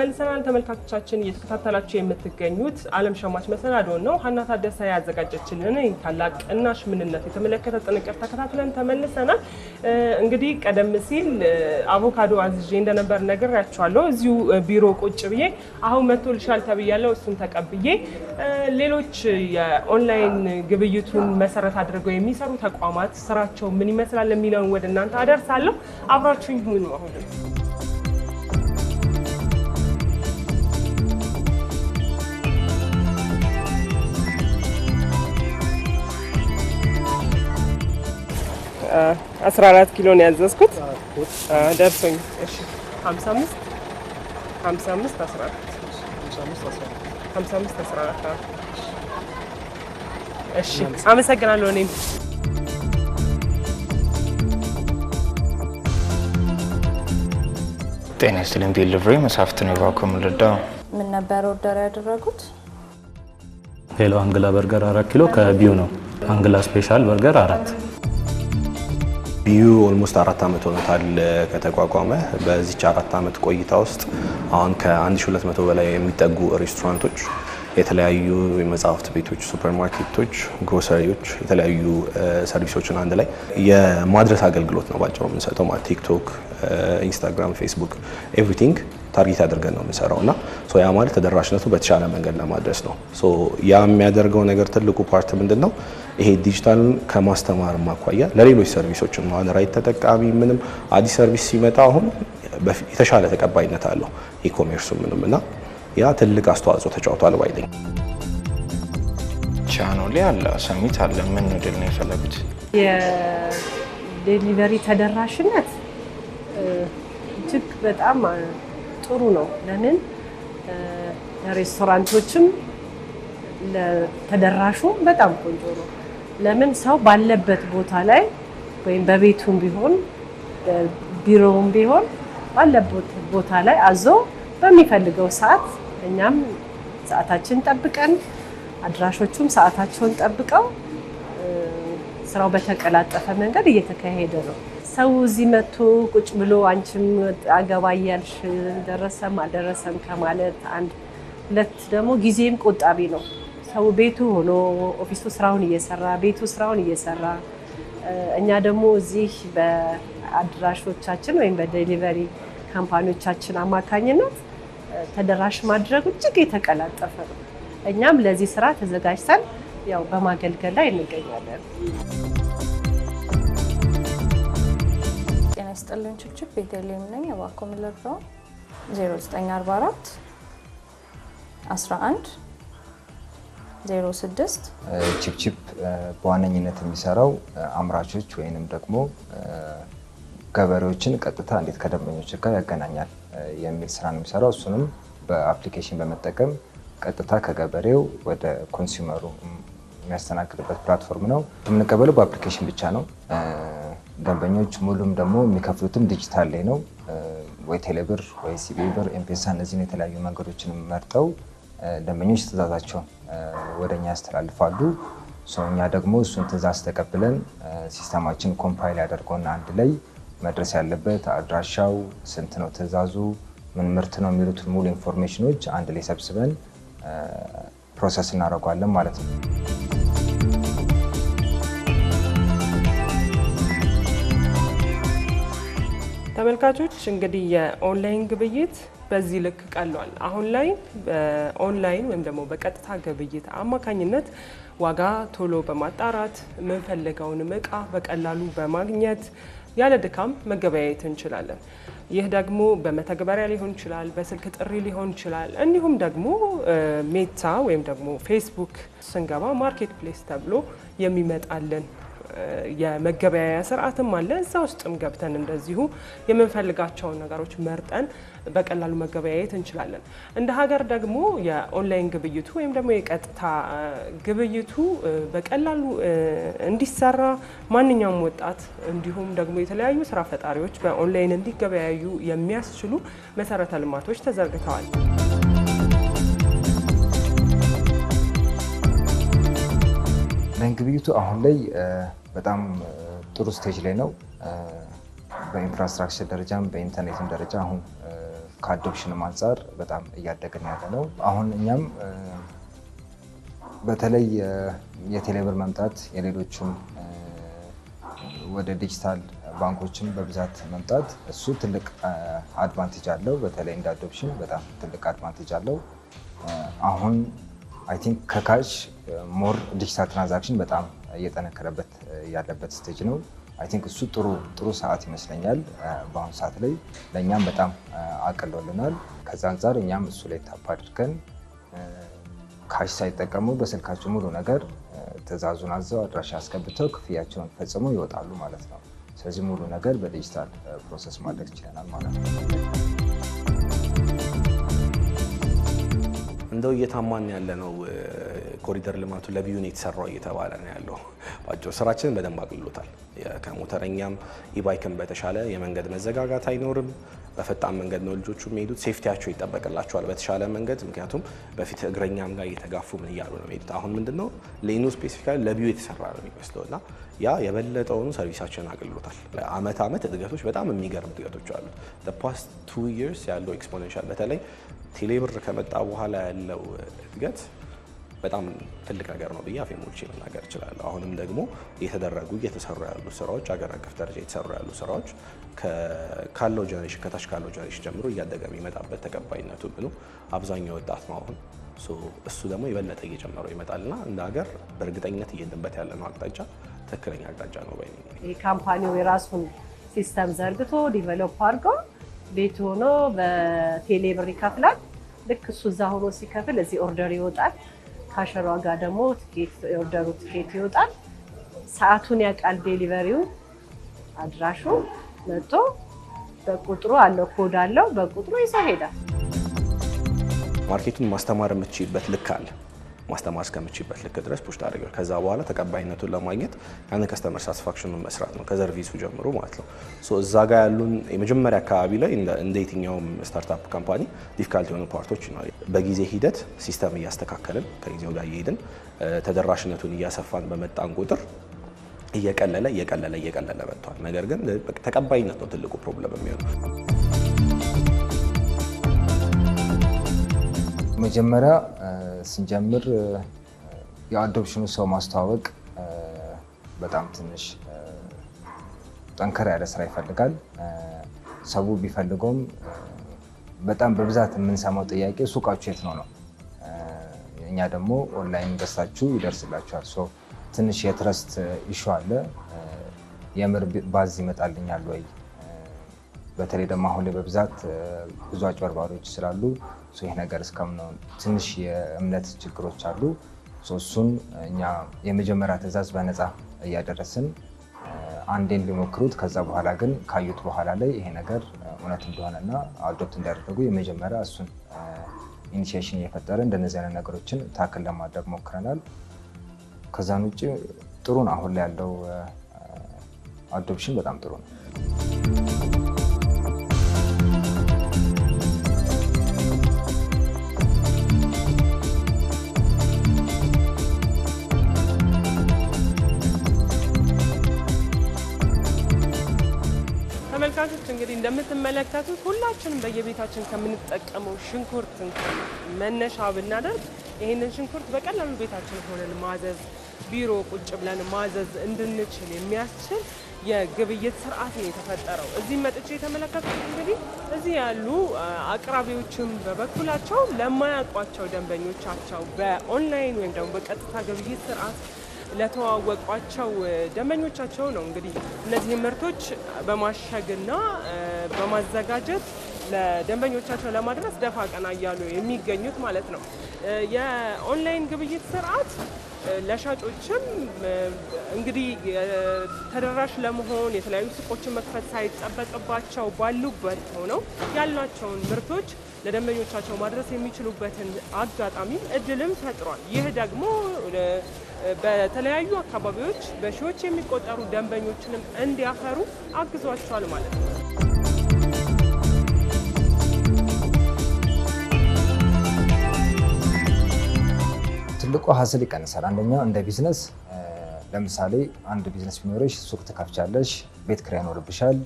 ተመልሰናል። ተመልካቾቻችን እየተከታተላችሁ የምትገኙት ዓለም ሸማች መሰናዶ ነው። ሀና ታደሰ ያዘጋጀችልን ታላቅ ቅናሽ ምንነት የተመለከተ ጥንቅር ተከታትለን ተመልሰናል። እንግዲህ ቀደም ሲል አቮካዶ አዝዤ እንደነበር ነግሬያችኋለሁ። እዚሁ ቢሮ ቁጭ ብዬ አሁን መቶ ልሻል ተብያለሁ። እሱን ተቀብዬ ሌሎች የኦንላይን ግብይቱን መሰረት አድርገው የሚሰሩ ተቋማት ስራቸው ምን ይመስላል የሚለውን ወደ እናንተ አደርሳለሁ። አብራችሁኝ ሁኑ አሁን አስራ አራት ኪሎ ነው ያዘዝኩት። ደርሶኝ ሀምሳ እሺ፣ አመሰግናለሁ እኔም ጤና ይስጥልኝ። ቤል መጽሐፍት ነው የባኩም ልዳ ምን ነበር ኦርደር ያደረጉት? ሄሎ አንግላ በርገር አራት ኪሎ ከቢዩ ነው። አንግላ ስፔሻል በርገር አራት ቢዩ ኦልሞስት አራት ዓመት ሆኖታል ከተቋቋመ። በዚች አራት ዓመት ቆይታ ውስጥ አሁን ከ1200 በላይ የሚጠጉ ሬስቶራንቶች፣ የተለያዩ የመጽሐፍት ቤቶች፣ ሱፐርማርኬቶች፣ ግሮሰሪዎች፣ የተለያዩ ሰርቪሶችን አንድ ላይ የማድረስ አገልግሎት ነው ባጭሩ የምንሰጠው ማለት ቲክቶክ፣ ኢንስታግራም፣ ፌስቡክ ኤቭሪቲንግ ታርጌት አድርገን ነው የምንሰራው እና ያ ማለት ተደራሽነቱ በተሻለ መንገድ ለማድረስ ነው። ያ የሚያደርገው ነገር ትልቁ ፓርት ምንድን ነው? ይሄ ዲጂታልን ከማስተማር አኳያ ለሌሎች ሰርቪሶችም አሁን ራይት ተጠቃሚ ምንም አዲስ ሰርቪስ ሲመጣ አሁን የተሻለ ተቀባይነት አለው ኢኮሜርሱ ምንም እና ያ ትልቅ አስተዋጽኦ ተጫውቷል ባይለኝ ቻኖሌ አለ ሰሚት አለ ምን ድል ነው የፈለጉት የዴሊቨሪ ተደራሽነት እጅግ በጣም ጥሩ ነው ለምን ለሬስቶራንቶችም ለተደራሹ በጣም ቆንጆ ነው ለምን ሰው ባለበት ቦታ ላይ ወይም በቤቱም ቢሆን ቢሮውም ቢሆን ባለበት ቦታ ላይ አዞ በሚፈልገው ሰዓት እኛም ሰዓታችን ጠብቀን አድራሾቹም ሰዓታቸውን ጠብቀው ስራው በተቀላጠፈ መንገድ እየተካሄደ ነው። ሰው እዚህ መጥቶ ቁጭ ብሎ አንቺም አገባ እያልሽ ደረሰም አልደረሰም ከማለት አንድ፣ ሁለት ደግሞ ጊዜም ቆጣቢ ነው። ሰው ቤቱ ሆኖ ኦፊሱ ስራውን እየሰራ ቤቱ ስራውን እየሰራ እኛ ደግሞ እዚህ በአድራሾቻችን ወይም በዴሊቨሪ ካምፓኒዎቻችን አማካኝነት ተደራሽ ማድረግ እጅግ የተቀላጠፈ ነው። እኛም ለዚህ ስራ ተዘጋጅተን ያው በማገልገል ላይ እንገኛለን። ጤና ይስጥልን። ችብችብ ነኝ። የባኮ 0944 11 06 ቺፕቺፕ በዋነኝነት የሚሰራው አምራቾች ወይንም ደግሞ ገበሬዎችን ቀጥታ እንዴት ከደንበኞች ጋር ያገናኛል የሚል ስራ ነው የሚሰራው። እሱንም በአፕሊኬሽን በመጠቀም ቀጥታ ከገበሬው ወደ ኮንሱመሩ የሚያስተናግድበት ፕላትፎርም ነው። የምንቀበለው በአፕሊኬሽን ብቻ ነው። ደንበኞች ሙሉም ደግሞ የሚከፍሉትም ዲጂታል ላይ ነው። ወይ ቴሌብር ወይ ሲቢኢ ብር፣ ኤምፔሳ እነዚህን የተለያዩ መንገዶችን መርጠው ደንበኞች ትዕዛዛቸውን ወደ እኛ ያስተላልፋሉ። እኛ ደግሞ እሱን ትእዛዝ ተቀብለን ሲስተማችን ኮምፓይል ያደርገውን አንድ ላይ መድረስ ያለበት አድራሻው ስንት ነው፣ ትዕዛዙ ምን ምርት ነው የሚሉትን ሙሉ ኢንፎርሜሽኖች አንድ ላይ ሰብስበን ፕሮሰስ እናደርገዋለን ማለት ነው። ተመልካቾች እንግዲህ የኦንላይን ግብይት በዚህ ልክ ቀሏል። አሁን ላይ ኦንላይን ወይም ደግሞ በቀጥታ ግብይት አማካኝነት ዋጋ ቶሎ በማጣራት የምንፈልገውንም እቃ በቀላሉ በማግኘት ያለ ድካም መገበያየት እንችላለን። ይህ ደግሞ በመተግበሪያ ሊሆን ይችላል፣ በስልክ ጥሪ ሊሆን ይችላል። እንዲሁም ደግሞ ሜታ ወይም ደግሞ ፌስቡክ ስንገባ ማርኬት ፕሌስ ተብሎ የሚመጣልን የመገበያያ ስርዓትም አለ። እዛ ውስጥም ገብተን እንደዚሁ የምንፈልጋቸውን ነገሮች መርጠን በቀላሉ መገበያየት እንችላለን። እንደ ሀገር ደግሞ የኦንላይን ግብይቱ ወይም ደግሞ የቀጥታ ግብይቱ በቀላሉ እንዲሰራ ማንኛውም ወጣት እንዲሁም ደግሞ የተለያዩ ስራ ፈጣሪዎች በኦንላይን እንዲገበያዩ የሚያስችሉ መሰረተ ልማቶች ተዘርግተዋል። ግብይቱ አሁን ላይ በጣም ጥሩ ስቴጅ ላይ ነው። በኢንፍራስትራክቸር ደረጃም በኢንተርኔትም ደረጃ አሁን ከአዶፕሽንም አንጻር በጣም እያደገን ያለ ነው። አሁን እኛም በተለይ የቴሌብር መምጣት የሌሎችም ወደ ዲጂታል ባንኮችን በብዛት መምጣት እሱ ትልቅ አድቫንቴጅ አለው። በተለይ እንደ አዶፕሽን በጣም ትልቅ አድቫንቴጅ አለው አሁን አይ ቲንክ ከካሽ ሞር ዲጂታል ትራንዛክሽን በጣም እየጠነከረበት ያለበት ስቴጅ ነው። አይ ቲንክ እሱ ጥሩ ጥሩ ሰዓት ይመስለኛል። በአሁኑ ሰዓት ላይ ለእኛም በጣም አቅሎልናል። ከዛ አንጻር እኛም እሱ ላይ ታፕ አድርገን ካሽ ሳይጠቀሙ በስልካቸው ሙሉ ነገር ትዕዛዙን አዘው አድራሻ አስገብተው ክፍያቸውን ፈጽሞ ይወጣሉ ማለት ነው። ስለዚህ ሙሉ ነገር በዲጂታል ፕሮሰስ ማድረግ ይችለናል ማለት ነው። እንደው እየታማን ያለ ነው ኮሪደር ልማቱ ለቢዩ ነው የተሰራው እየተባለ ነው ያለው። ባጭሩ ስራችንን በደንብ አቅልሎታል። ከሞተረኛም ኢባይክን በተሻለ የመንገድ መዘጋጋት አይኖርም። በፈጣን መንገድ ነው ልጆቹ የሚሄዱት። ሴፍቲያቸው ይጠበቅላቸዋል በተሻለ መንገድ። ምክንያቱም በፊት እግረኛም ጋር እየተጋፉ ምን እያሉ ነው የሚሄዱት። አሁን ምንድን ነው ሌኑ ስፔሲፊካ ለቢዩ የተሰራ ነው የሚመስለው እና ያ የበለጠውኑ ሰርቪሳችንን አቅልሎታል። አመት አመት እድገቶች፣ በጣም የሚገርም እድገቶች አሉት። ፓስት ቱ ይርስ ያለው ኤክስፖኔንሻል በተለይ ቴሌብር ከመጣ በኋላ ያለው እድገት በጣም ትልቅ ነገር ነው ብዬ አፌ መናገር እችላለሁ። አሁንም ደግሞ እየተደረጉ እየተሰሩ ያሉ ስራዎች አገር አቀፍ ደረጃ የተሰሩ ያሉ ስራዎች ካለው ጀኔሬሽን ከታች ካለው ጀኔሬሽን ጀምሮ እያደገ የሚመጣበት ተቀባይነቱ ብሎ አብዛኛው ወጣት ነው አሁን እሱ ደግሞ የበለጠ እየጨመረው ይመጣልና እንደ ሀገር በእርግጠኝነት እየሄድንበት ነው አቅጣጫ ትክክለኛ አቅጣጫ ነው። ባይ ይህ ካምፓኒው የራሱን ሲስተም ዘርግቶ ዲቨሎፕ አድርገው ቤት ሆኖ በቴሌ ብር ይከፍላል። ልክ እሱ እዛ ሆኖ ሲከፍል እዚህ ኦርደር ይወጣል። ካሸሯ ጋር ደግሞ የኦርደሩ ትኬት ይወጣል። ሰዓቱን ያውቃል። ዴሊቨሪው አድራሹ መጥቶ በቁጥሩ አለው ኮድ አለው። በቁጥሩ ይዘው ሄዳል። ማርኬቱን ማስተማር የምትችይበት ልክ አለ። ማስተማር እስከምችበት ልክ ድረስ ፑሽ ታደርጊዋል። ከዛ በኋላ ተቀባይነቱን ለማግኘት ያንን ከስተመር ሳትስፋክሽኑን መስራት ነው ከሰርቪሱ ጀምሮ ማለት ነው። እዛ ጋር ያሉን የመጀመሪያ አካባቢ ላይ እንደ የትኛውም ስታርታፕ ካምፓኒ ዲፊካልት የሆኑ ፓርቶች ነው። በጊዜ ሂደት ሲስተም እያስተካከልን ከጊዜው ጋር እየሄድን ተደራሽነቱን እያሰፋን በመጣን ቁጥር እየቀለለ እየቀለለ እየቀለለ መጥቷል። ነገር ግን ተቀባይነት ነው ትልቁ ፕሮብለም የሚሆነው። መጀመሪያ ስንጀምር የአዶፕሽኑ ሰው ማስተዋወቅ በጣም ትንሽ ጠንከር ያለ ስራ ይፈልጋል። ሰው ቢፈልገውም በጣም በብዛት የምንሰማው ጥያቄ ሱቃችሁ የት ነው ነው። እኛ ደግሞ ኦንላይን ገዝታችሁ ይደርስላችኋል። ትንሽ የትረስት ኢሹ አለ። የምር ባዝ ይመጣልኛል ወይ? በተለይ ደግሞ አሁን ላይ በብዛት ብዙ አጭበርባሪዎች ስላሉ ይህ ነገር እስከምነው ትንሽ የእምነት ችግሮች አሉ። እሱን እኛ የመጀመሪያ ትዕዛዝ በነፃ እያደረስን አንዴን ሊሞክሩት ከዛ በኋላ ግን ካዩት በኋላ ላይ ይሄ ነገር እውነት እንደሆነና አዶፕት እንዳደረጉ የመጀመሪያ እሱን ኢኒሽሽን እየፈጠረ እንደነዚህ አይነት ነገሮችን ታክል ለማድረግ ሞክረናል። ከዛን ውጭ ጥሩ ነው። አሁን ላይ ያለው አዶፕሽን በጣም ጥሩ ነው። ተመልካቾች እንግዲህ እንደምትመለከቱት ሁላችንም በየቤታችን ከምንጠቀመው ሽንኩርት መነሻ ብናደርግ ይህንን ሽንኩርት በቀላሉ ቤታችን ሆነን ማዘዝ ቢሮ ቁጭ ብለን ማዘዝ እንድንችል የሚያስችል የግብይት ስርዓት ነው የተፈጠረው። እዚህ መጥቼ የተመለከቱት እንግዲህ እዚህ ያሉ አቅራቢዎችም በበኩላቸው ለማያውቋቸው ደንበኞቻቸው በኦንላይን ወይም ደግሞ በቀጥታ ግብይት ስርዓት ለተዋወቋቸው ደንበኞቻቸው ነው እንግዲህ እነዚህ ምርቶች በማሸግና በማዘጋጀት ለደንበኞቻቸው ለማድረስ ደፋ ቀና እያሉ የሚገኙት ማለት ነው። የኦንላይን ግብይት ስርዓት ለሻጮችም እንግዲህ ተደራሽ ለመሆን የተለያዩ ሱቆችን መክፈት ሳይጠበቅባቸው ባሉበት ሆነው ያሏቸውን ምርቶች ለደንበኞቻቸው ማድረስ የሚችሉበትን አጋጣሚም እድልም ፈጥሯል። ይህ ደግሞ በተለያዩ አካባቢዎች በሺዎች የሚቆጠሩ ደንበኞችንም እንዲያፈሩ አግዟቸዋል ማለት ነው። ትልቁ ሀስል ይቀንሳል። አንደኛው እንደ ቢዝነስ ለምሳሌ አንድ ቢዝነስ ቢኖርሽ ሱቅ ትከፍቻለሽ፣ ቤት ኪራይ ይኖርብሻል፣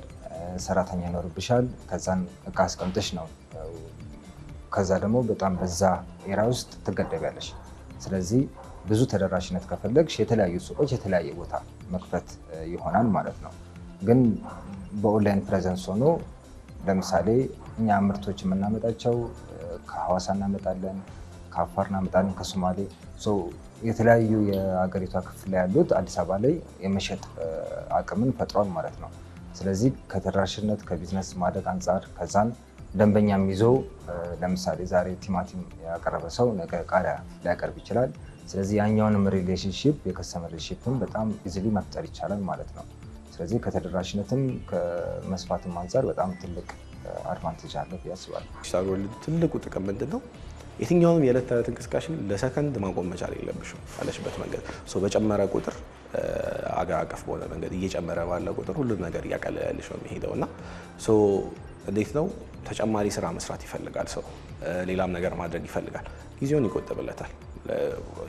ሰራተኛ ይኖርብሻል። ከዛን እቃ አስቀምጠሽ ነው። ከዛ ደግሞ በጣም በዛ ኤራ ውስጥ ትገደቢያለሽ። ስለዚህ ብዙ ተደራሽነት ከፈለግሽ የተለያዩ ሱቆች የተለያየ ቦታ መክፈት ይሆናል ማለት ነው። ግን በኦንላይን ፕሬዘንስ ሆኖ ለምሳሌ እኛ ምርቶች የምናመጣቸው ከሐዋሳ እናመጣለን፣ ከአፋር እናመጣለን፣ ከሶማሌ የተለያዩ የአገሪቷ ክፍል ላይ ያሉት አዲስ አበባ ላይ የመሸጥ አቅምን ፈጥሯል ማለት ነው። ስለዚህ ከተደራሽነት ከቢዝነስ ማደግ አንጻር ከዛን ደንበኛም ይዞ ለምሳሌ ዛሬ ቲማቲም ያቀረበ ሰው ነገ ቃሪያ ሊያቀርብ ይችላል። ስለዚህ ያኛውንም ሪሌሽንሽፕ የከስተመር ሪሌሽንሽፕም በጣም ኢዚሊ መፍጠር ይቻላል ማለት ነው። ስለዚህ ከተደራሽነትም ከመስፋትም አንጻር በጣም ትልቅ አድቫንቴጅ አለ ብዬ አስባለሁ። ወርልድ ትልቁ ጥቅም ምንድን ነው? የትኛውንም የዕለት ተዕለት እንቅስቃሴ ለሰከንድ ማቆም መቻል የለብሽም። አለሽበት መንገድ ሰው በጨመረ ቁጥር አገር አቀፍ በሆነ መንገድ እየጨመረ ባለ ቁጥር ሁሉም ነገር እያቀለለልሽ ነው የሚሄደው እና እንዴት ነው ተጨማሪ ስራ መስራት ይፈልጋል ሰው ሌላም ነገር ማድረግ ይፈልጋል፣ ጊዜውን ይቆጥብለታል።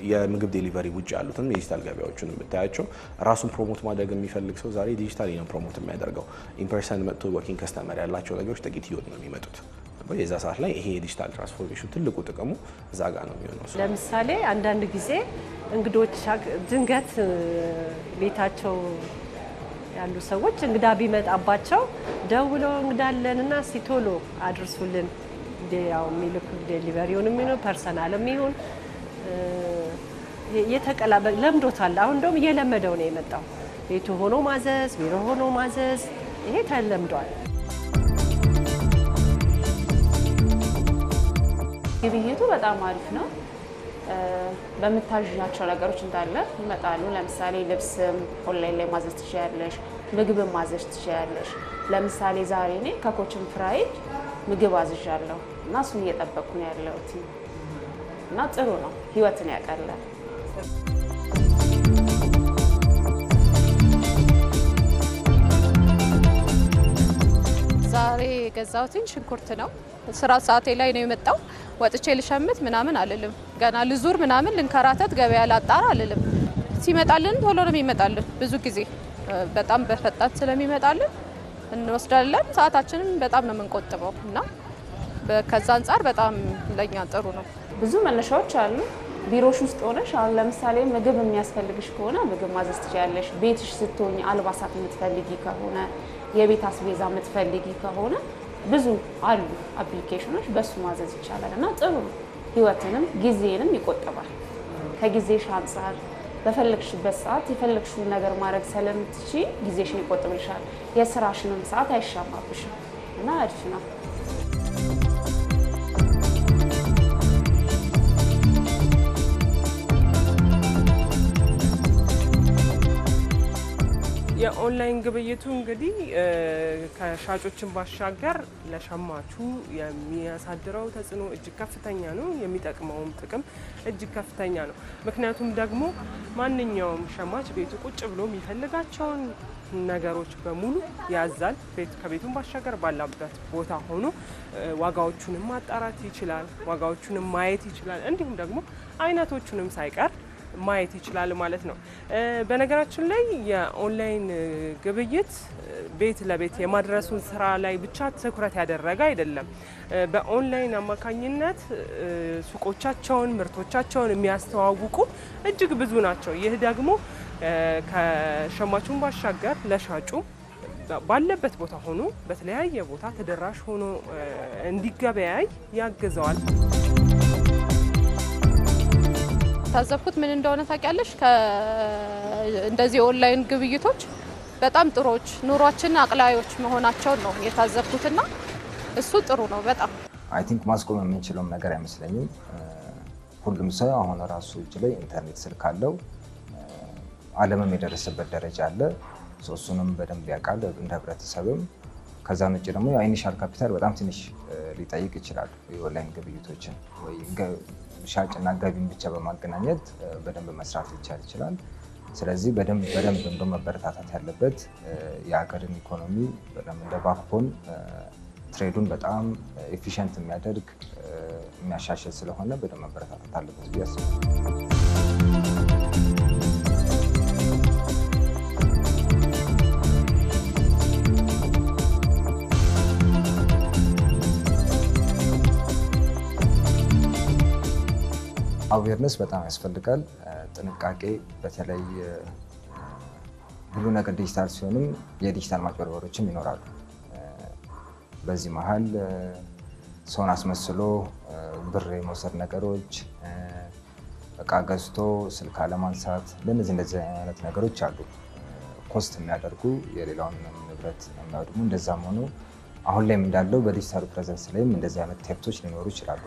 የምግብ ዴሊቨሪ ውጭ ያሉትን የዲጂታል ገበያዎችን የምታያቸው ራሱን ፕሮሞት ማድረግ የሚፈልግ ሰው ዛሬ ዲጂታል ነው ፕሮሞት የሚያደርገው። ኢንፐርሰን መጥቶ ወርኪንግ ከስተመር ያላቸው ነገሮች ጥቂት ይወድ ነው የሚመጡት። የዛ ሰዓት ላይ ይሄ የዲጂታል ትራንስፎርሜሽን ትልቁ ጥቅሙ እዛ ጋር ነው የሚሆነው። ለምሳሌ አንዳንድ ጊዜ እንግዶች ድንገት ቤታቸው ያሉ ሰዎች እንግዳ ቢመጣባቸው ደውለው እንግዳለን እና ሲቶሎ አድርሱልን ያው የሚልኩ ዴሊቨሪውን የሚሆን ፐርሰናል የሚሆን የተቀላበ ለምዶታል። አሁን እንደውም እየለመደው ነው የመጣው። ቤቱ ሆኖ ማዘዝ፣ ቢሮ ሆኖ ማዘዝ፣ ይሄ ተለምዷል። ግብይቱ በጣም አሪፍ ነው። በምታዥናቸው ነገሮች እንዳለ ይመጣሉ። ለምሳሌ ልብስም ኦንላይን ላይ ማዘዝ ትችያለሽ፣ ምግብም ማዘዝ ትችያለሽ። ለምሳሌ ዛሬ እኔ ከኮችን ፍራይድ ምግብ አዝዣለሁ እና እሱን እየጠበቅኩ ነው ያለሁት። እና ጥሩ ነው፣ ህይወትን ያቀላል። ዛሬ የገዛሁትኝ ሽንኩርት ነው። ስራ ሰዓቴ ላይ ነው የመጣው። ወጥቼ ልሸምት ምናምን አልልም። ገና ልዙር ምናምን ልንከራተት ገበያ ላጣር አልልም። ሲመጣልን ቶሎ ነው የሚመጣልን። ብዙ ጊዜ በጣም በፈጣን ስለሚመጣልን እንወስዳለን። ሰዓታችንም በጣም ነው የምንቆጥበው እና ከዛ አንጻር በጣም ለኛ ጥሩ ነው። ብዙ መነሻዎች አሉ። ቢሮሽ ውስጥ ሆነሽ አሁን ለምሳሌ ምግብ የሚያስፈልግሽ ከሆነ ምግብ ማዘዝ ትችላለሽ። ቤትሽ ስትሆኝ አልባሳት የምትፈልጊ ከሆነ የቤት አስቤዛ የምትፈልጊ ከሆነ ብዙ አሉ አፕሊኬሽኖች፣ በሱ ማዘዝ ይቻላል እና ጥሩ ነው። ህይወትንም ጊዜንም ይቆጥባል። ከጊዜሽ አንጻር በፈለግሽበት ሰዓት የፈለግሽውን ነገር ማድረግ ስለምትች ጊዜሽን ይቆጥብልሻል። የስራሽንም ሰዓት አይሻማብሽም እና እርች ነው የኦንላይን ግብይቱ እንግዲህ ከሻጮችን ባሻገር ለሸማቹ የሚያሳድረው ተጽዕኖ እጅግ ከፍተኛ ነው። የሚጠቅመውም ጥቅም እጅግ ከፍተኛ ነው። ምክንያቱም ደግሞ ማንኛውም ሸማች ቤቱ ቁጭ ብሎ የሚፈልጋቸውን ነገሮች በሙሉ ያዛል። ከቤቱን ባሻገር ባላበት ቦታ ሆኖ ዋጋዎቹንም ማጣራት ይችላል። ዋጋዎቹንም ማየት ይችላል። እንዲሁም ደግሞ አይነቶቹንም ሳይቀር ማየት ይችላል ማለት ነው። በነገራችን ላይ የኦንላይን ግብይት ቤት ለቤት የማድረሱን ስራ ላይ ብቻ ትኩረት ያደረገ አይደለም። በኦንላይን አማካኝነት ሱቆቻቸውን፣ ምርቶቻቸውን የሚያስተዋውቁ እጅግ ብዙ ናቸው። ይህ ደግሞ ከሸማቹን ባሻገር ለሻጩ ባለበት ቦታ ሆኖ በተለያየ ቦታ ተደራሽ ሆኖ እንዲገበያይ ያግዘዋል። የታዘብኩት ምን እንደሆነ ታውቂያለሽ? እንደዚህ የኦንላይን ግብይቶች በጣም ጥሩዎች ኑሯችን አቅላዮች መሆናቸውን ነው እና እሱ ጥሩ ነው በጣም አይ ቲንክ ማስቆም የምንችለውም ነገር አይመስለኝም። ሁሉም ሰው አሁን ራሱ እጅ ላይ ኢንተርኔት ስልክ አለው። ዓለምም የደረሰበት ደረጃ አለ። እሱንም በደንብ ያውቃል እንደ ህብረተሰብም። ከዛም ውጭ ደግሞ የኢኒሻል ካፒታል በጣም ትንሽ ሊጠይቅ ይችላል የኦንላይን ግብይቶችን ሻጭና ገቢን ብቻ በማገናኘት በደንብ መስራት ሊቻል ይችላል። ስለዚህ በደንብ በደንብ እንደው መበረታታት ያለበት የሀገርን ኢኮኖሚ በደንብ እንደ ባክቦን ትሬዱን በጣም ኤፊሽንት የሚያደርግ የሚያሻሽል ስለሆነ በደንብ መበረታታት አለበት ብዬ አስባለሁ። አዌርነስ በጣም ያስፈልጋል። ጥንቃቄ በተለይ ሁሉ ነገር ዲጂታል ሲሆንም የዲጂታል ማጭበርበሮችም ይኖራሉ። በዚህ መሀል ሰውን አስመስሎ ብር የመውሰድ ነገሮች፣ እቃ ገዝቶ ስልክ አለማንሳት፣ ለእነዚህ እንደዚህ አይነት ነገሮች አሉ። ኮስት የሚያደርጉ የሌላውን ንብረት የሚያወድሙ እንደዛም ሆኖ አሁን ላይም እንዳለው በዲጂታሉ ፕሬዘንስ ላይም እንደዚህ አይነት ቴፕቶች ሊኖሩ ይችላሉ።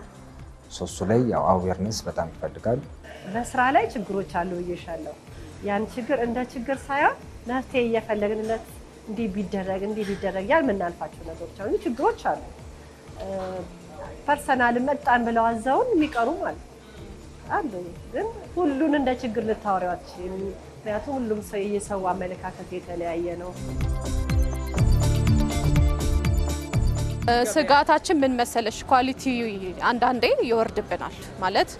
ሶሱ ላይ ያው አዌርነስ በጣም ይፈልጋል። በስራ ላይ ችግሮች አሉ ብዬሻለሁ። ያን ችግር እንደ ችግር ሳይሆን መፍትሄ እየፈለግንለት እንዲህ ቢደረግ እንዲህ ቢደረግ ያል የምናልፋቸው ነገሮች አሉ፣ ችግሮች አሉ። ፐርሰናል መጣን ብለው አዘውን የሚቀሩ ማለት አሉ። ግን ሁሉን እንደ ችግር ልታወሪዋች፣ ምክንያቱም ሁሉም ሰው የሰው አመለካከት የተለያየ ነው። ስጋታችን ምን መሰለሽ፣ ኳሊቲ አንዳንዴ ይወርድብናል ማለት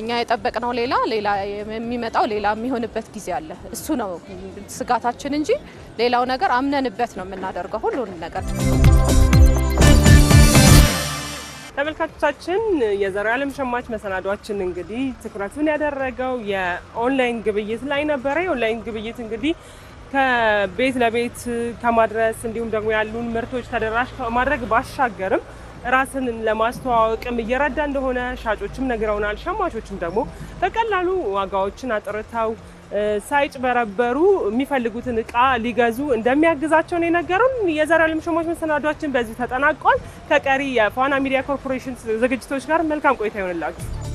እኛ የጠበቅነው ሌላ ሌላ የሚመጣው ሌላ የሚሆንበት ጊዜ አለ። እሱ ነው ስጋታችን እንጂ ሌላው ነገር አምነንበት ነው የምናደርገው ሁሉንም ነገር። ተመልካቾቻችን የዛሬው ዓለም ሸማች መሰናዷችን እንግዲህ ትኩረቱን ያደረገው የኦንላይን ግብይት ላይ ነበረ። የኦንላይን ግብይት እንግዲህ ከቤት ለቤት ከማድረስ እንዲሁም ደግሞ ያሉን ምርቶች ተደራሽ ከማድረግ ባሻገርም ራስን ለማስተዋወቅም እየረዳ እንደሆነ ሻጮችም ነግረውናል። ሸማቾችም ደግሞ በቀላሉ ዋጋዎችን አጥርተው ሳይጭበረበሩ የሚፈልጉትን እቃ ሊገዙ እንደሚያግዛቸው ነው የነገሩን። የዘላለም ሸማች መሰናዷችን በዚህ ተጠናቋል። ከቀሪ የፋና ሚዲያ ኮርፖሬሽን ዝግጅቶች ጋር መልካም ቆይታ ይሆንላችሁ።